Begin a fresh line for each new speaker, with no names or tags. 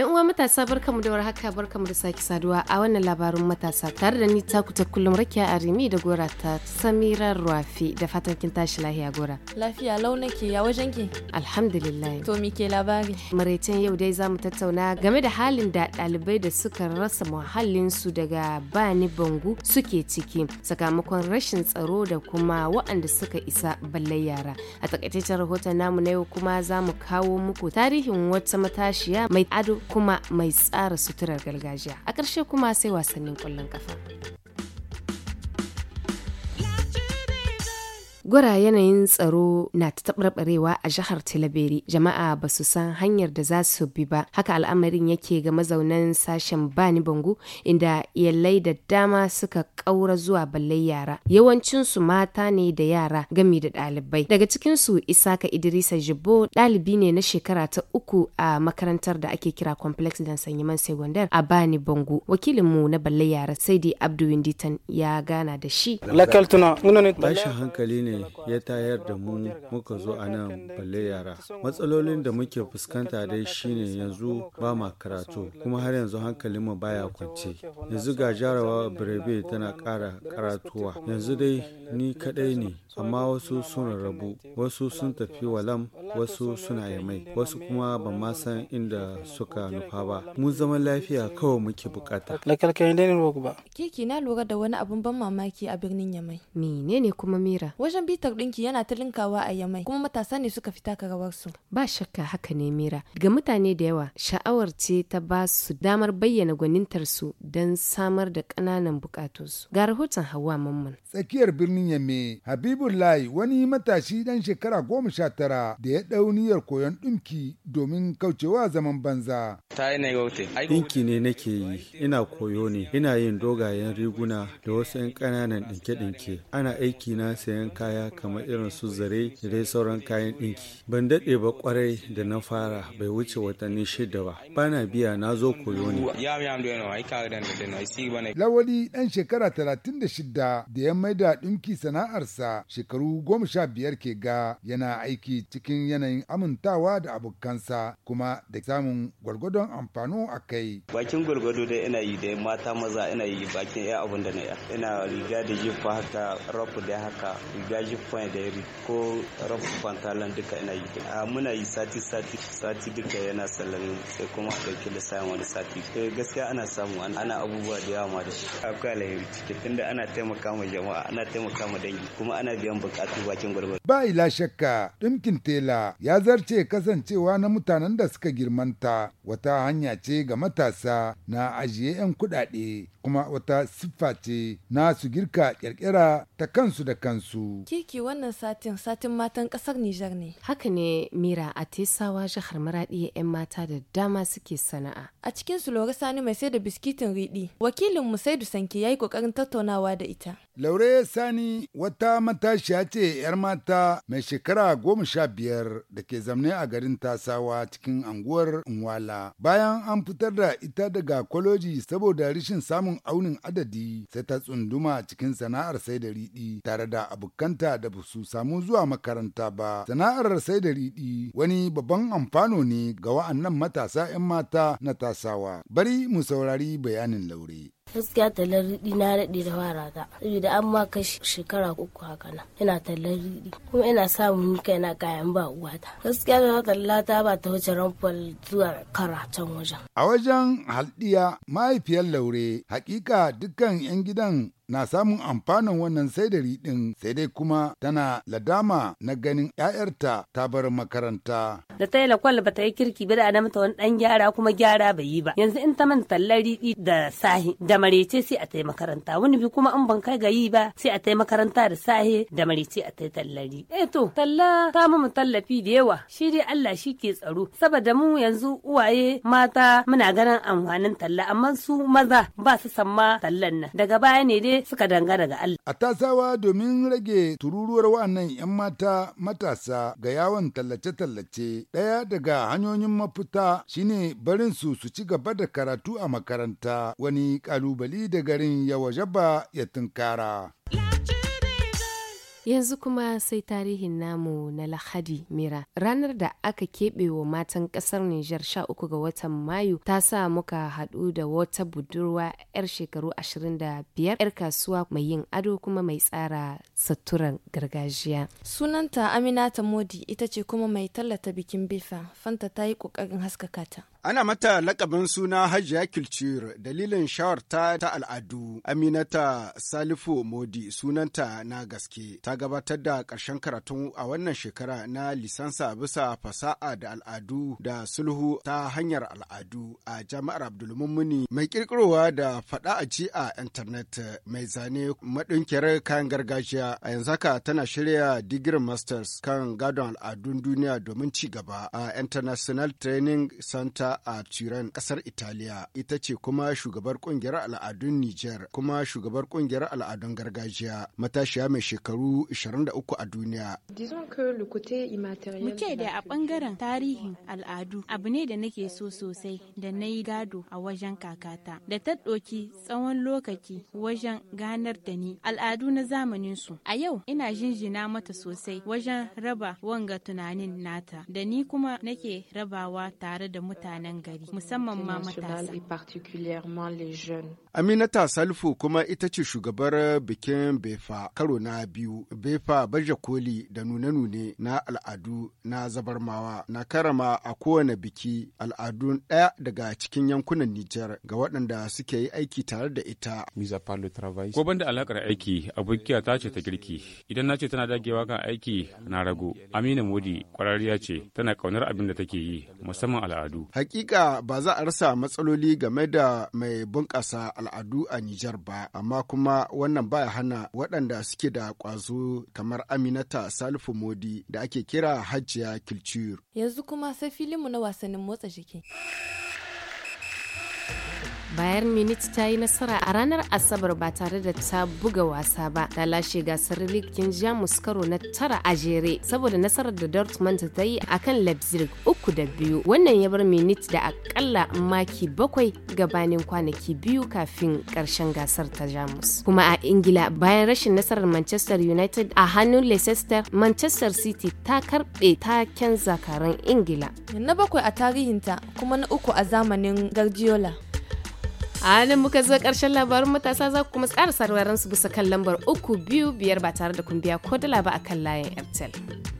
'yan uwa matasa barkamu da warhaka barkamu da sake saduwa a wannan labarin matasa tare da ni taku ta kullum rakiya arimi da gora ta samira rafi da fatan kin tashi lahiya gora
lafiya lau ya wajen ki
alhamdulillah to mi ke labari maraicen yau dai zamu tattauna game da halin da ɗalibai da suka rasa muhallin su daga bani bangu suke ciki sakamakon rashin tsaro da kuma waɗanda suka isa balle yara a takaitaccen rahoton namu na yau kuma zamu kawo muku tarihin wata matashiya mai ado kuma mai tsara suturar gargajiya a ƙarshe kuma sai wasannin ƙwallon ƙafa. Gwara yanayin tsaro na ta taɓarɓarewa a jihar Talabere, jama'a ba su san hanyar da za su bi ba. Haka al'amarin yake ga mazaunan sashen Bani Bangu inda iyalai da dama suka ƙaura zuwa ballai yara. Yawancinsu mata ne da yara gami da ɗalibai. Daga cikinsu Isaka Idrisa Jibo ɗalibi ne na shekara ta uku a makarantar da ake kira Complex dan Sanyiman Segondar a Bani Bangu. Wakilinmu na ballai yara Saidi Abdu Winditan ya gana da shi.
Bashin hankali ne ya tayar da mu muka zo a nan balle yara matsalolin da muke fuskanta dai shine yanzu ba ma karatu kuma har yanzu hankalin mu baya kwance yanzu ga jarawa birebe tana ƙara karatuwa yanzu dai ni kadai ne amma wasu sun rabu wasu sun tafi walam wasu suna yamai wasu kuma ban ma san inda suka nufa ba mu zaman lafiya kawai muke bukata
kiki na lura da wani abun ban mamaki a birnin yamai menene kuma mira wajen bitar ɗinki yana ta linkawa a yamai kuma matasa ne suka fita ka su.
Ba shakka haka ne Mira. Ga mutane da yawa sha'awar ce ta ba su damar bayyana gwanintar su don samar da ƙananan bukatunsu. Ga rahoton Hauwa Mamman.
Tsakiyar birnin Yamme, Habibullahi wani matashi dan shekara goma sha tara da ya ɗau niyyar koyon ɗinki domin kaucewa zaman banza.
Dinki ne nake yi, ina koyo ne, ina yin dogayen riguna da wasu 'yan ƙananan ɗinke-ɗinke. Ana aiki na sayan kaya kamar irin su zare da sauran kayan ɗinki. Ban daɗe ba kwarai da na fara bai wuce watanni shida ba. Bana biya na zo koyo ne.
Lawali ɗan shekara talatin da shida da ya maida ɗinki sana'arsa shekaru goma sha biyar ke ga yana aiki cikin yanayin amintawa da abokansa kuma da samun gwargwadon amfano a kai.
Bakin gwargwado dai ina yi da mata maza ina yi bakin ya abun da na ya. Ina riga da jifa haka rafu da haka riga jifa da yari ko rafu pantalon duka ina yi. A muna yi sati sati sati duka yana sallan sai kuma a ɗauki sayan wani sati. Eh, gaskiya ana samu ana abubuwa da yawa ma da shi. Akwai alheri cikin tunda ana taimaka ma jama'a ana taimaka ma dangi kuma ana biyan bukatu bakin gwargwado.
Ba ila shakka ɗinkin tela ya zarce kasancewa na mutanen da suka girmanta wata hanya ce ga matasa na ajiye 'yan kuɗaɗe kuma wata siffa ce na su girka ƙirƙira ta kansu da kansu.
Kiki wannan satin satin matan ƙasar Nijar ne. Haka ne
Mira a Tesawa jihar Maraɗi 'yan mata da dama suke sana'a.
A cikin su Lori Sani mai sai da biskitin riɗi. Wakilin Musaidu Sanke ya yi ƙoƙarin tattaunawa da ita.
Laure Sani wata matashiya ce 'yar mata mai shekara goma sha biyar da ke zamne a garin Tasawa cikin anguwar Nwala. Bayan an fitar da ita daga kwaloji saboda rashin samun aunin adadi sai ta tsunduma cikin sana'ar sai da riɗi tare da abokanta da ba su samu zuwa makaranta ba. Sana'ar sai da riɗi wani babban amfano ne ga wa'annan matasa 'yan mata na Tasawa. Bari mu saurari bayanin Laure.
gaskiya tallar riɗi na daɗe da fara ta saboda an ma kashi shekara uku haka na yana tallar riɗi kuma ina samun kai na kayan ba uwata gaskiya da talla ta ba ta wuce ranfal zuwa karatun wajen
a wajen halɗiya, mahaifiyar laure hakika dukkan yan gidan na samun amfanin wannan saidari ɗin sai dai kuma tana ladama na ganin 'ya'yarta ta bar makaranta.
Da ta yi lakwal ba ta yi kirki ba da ana mata wani ɗan gyara kuma gyara bai yi ba. Yanzu in ta man tallar riɗi da sahi da marece sai a tai makaranta wani bi kuma an ban kai ga yi ba sai a tai makaranta da sahi da marece a tai tallari. Eh to talla ta mu tallafi da yawa shi dai Allah shi ke tsaro saboda mu yanzu uwaye mata muna ganin amfanin talla amma su maza ba su samma tallan nan daga baya ne dai suka dangana ga Allah. A tasawa
domin rage tururuwar wa'annan 'yan mata matasa ga yawon tallace-tallace ɗaya daga hanyoyin mafita shine barin su su ci gaba da karatu a makaranta wani kalubali da garin ya wajaba ya tunkara.
Yanzu kuma sai tarihin namu na Lahadi Mira. Ranar da aka keɓe wa matan ƙasar Nijar 13 ga watan Mayu ta sa muka haɗu da wata budurwa 'yar shekaru 25 'yar kasuwa mai yin ado kuma mai tsara suturan gargajiya.
Sunanta Aminata Modi ita ce kuma mai tallata bikin bifa. Fanta ta yi ƙoƙarin haskaka ta.
Ana mata lakabin suna Hajiya Kilcir dalilin shawarta ta al'adu Aminata Salifu Modi sunanta na gaske ta gabatar da ƙarshen karatu a wannan shekara na lisansa bisa fasa'a da al'adu da sulhu ta hanyar al'adu a jami'ar Abdulmumuni mai kirkirowa da faɗa a ji a intanet mai zane maɗinkiyar kayan gargajiya a yanzu haka tana shirya digirin masters kan gadon al'adun duniya domin ci gaba a International Training Center a Turan kasar Italiya ita ce kuma shugabar kungiyar al'adun Nijar kuma shugabar kungiyar al'adun gargajiya matashiya mai shekaru 23 a duniya.
Muke da a
bangaren tarihin al'adu abu ne da nake so sosai da na yi gado a wajen kakata da ta ɗoki tsawon lokaci wajen ganar da ni al'adu na zamanin su. A yau ina jinjina mata sosai wajen raba wanga tunanin nata da ni kuma nake rabawa tare da mutane mutanen gari musamman ma matasa.
Aminata Salfu kuma ita ce shugabar bikin Befa karo na biyu. Befa baje koli da nune-nune na al'adu na zabarmawa na karama a kowane biki al'adu ɗaya daga cikin yankunan Nijar ga waɗanda suke yi aiki tare da ita. Ko banda alakar aiki abokiya ta ce ta girki idan na ce tana dagewa kan aiki na rago Amina Modi kwararriya ce tana ƙaunar abin da take yi musamman al'adu. Hakika ba za a rasa matsaloli game da mai bunƙasa al'adu a Nijar ba, amma kuma wannan baya hana waɗanda suke da ƙwazo kamar Aminata Salifu Modi da ake kira hajjiya Kilciyur.
Yanzu kuma sai filinmu na wasannin motsa jiki.
Bayern Munich ta yi nasara a ranar Asabar ba tare da ta buga wasa ba. Ta lashe gasar Ligin Jamus karo na tara a jere saboda nasarar da Dortmund ta yi a kan Leipzig uku da biyu. Wannan ya bar Munich da akalla maki bakwai gabanin kwanaki biyu kafin karshen gasar ta Jamus. Kuma a Ingila bayan rashin nasarar Manchester United a hannun Leicester, Manchester City ta karbe taken zakaran
Ingila. Na bakwai a tarihinta kuma na uku a zamanin Guardiola.
a nan muka zo karshen labarin matasa za ku kuma tsara sararin su bisa kan lambar uku biyu biyar ba tare da kun biya ko dala ba akan layin airtel